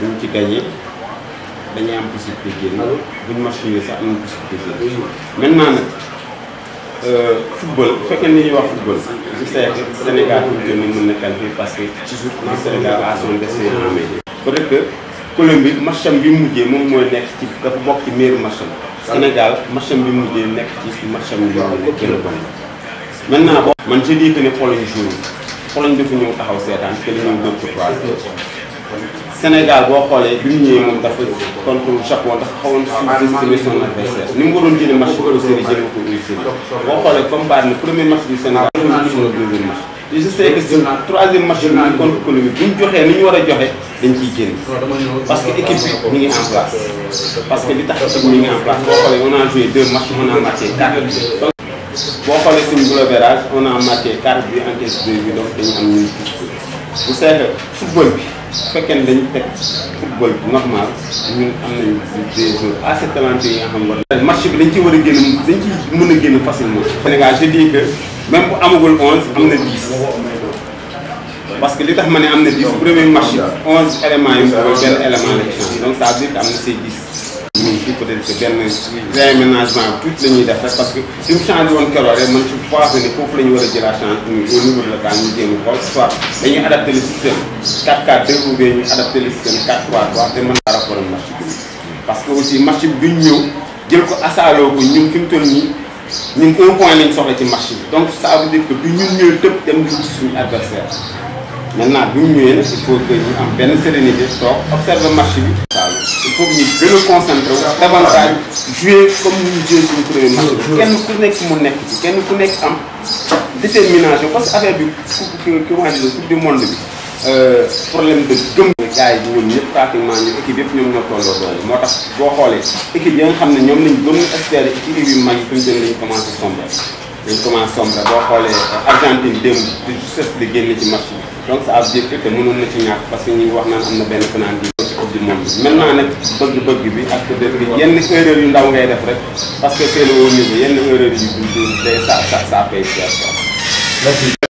bu ñu ci gagné dañuy am possibilité génn euh, bu ñu marché sax am na possibilité génn wax Sénégal mën na qualifier parce que toujours le Sénégal a son destin Colombie matcham bi mujjee moom mooy nekk ci dafa bokk ci meilleur matcham. Sénégal matcham bi mujjee nekk ci matcham bi mu nekk gën a bon maintenant boo. man je dis ne Pologne jour Pologne dafa ñëw taxaw seetaan te li ñoom dóor ko 3 Sénégal boo xoolee bi mu moom dafa contre Japon dafa xawoon sous-estimer son adversaire ni mu waroon jëlee match bi série jëlee ko une série boo xoolee comme baat na premier match du Sénégal dafa gis son deuxième match te je sais que seen joxee ni ñu war a joxe dañ ciy génn parce que équipe bi ñu ngi en place parce que li tax équipe ñu ngi en place boo xoolee on a joué deux matchs on a marqué quatre boo xoolee suñu globérage on a marqué quatre buts encaissé deux bi su fekkee ne dañu teg football normal ñun am nañu des joueurs assez talentueux yi nga xam war match bi dañ ci war a génn dañ ci mën a génn facilement Sénégal je dis que même bu amagul onze am na dix parce que li tax ma ne am na dix premier match onze éléments yi mu benn élément la ci donc am na say dix tuuti peut être benn réaménagement bi tuuti la def rek parce que li mu woon keroog rek man je pense que foofu la ñu war a jëlaat change au niveau de la CAN ñu jéem a xool soit dañuy adapté le système 4 4 te mën naa rapport ak parce que aussi match bi duñ ñëw jël ko asaaloo ko ñu fi mu toll nii ñun un point lañ soxla ci match bi donc ça tëb dem di adversaire maintenant bi mu ñëwee si il faut que am benn sérénité toog observer match bi. waaw il faut que ñu gën a concentré davantage jouer comme ni ñu jouer suñu premier match kenn ku nekk mu nekk ci kenn ku nekk am détermination parce que bi ku ku wax dëgg coupe du monde bi euh, problème de gëm. gars yi ñoom ñëpp pratiquement ñu équipe yëpp ñoom ñoo tolloo doole moo tax boo xoolee équipe yi nga xam ne ñoom lañ gëm espérer ci équipe yu mag yi fi mu lañu commencé tomber. dañ commencé sombre boo xoolee Argentine démb di sës di génn ci match yi donc ça veut dire que mënoon na ci ñàkk parce que wax naan am na benn penalty ci coupe du monde maintenant bëgg-bëgg bi ak peut-être que yenn erreur yu ndaw ngay def rek parce que c'est le haut yenn erreur yu du day sa sa sa paye cher quoi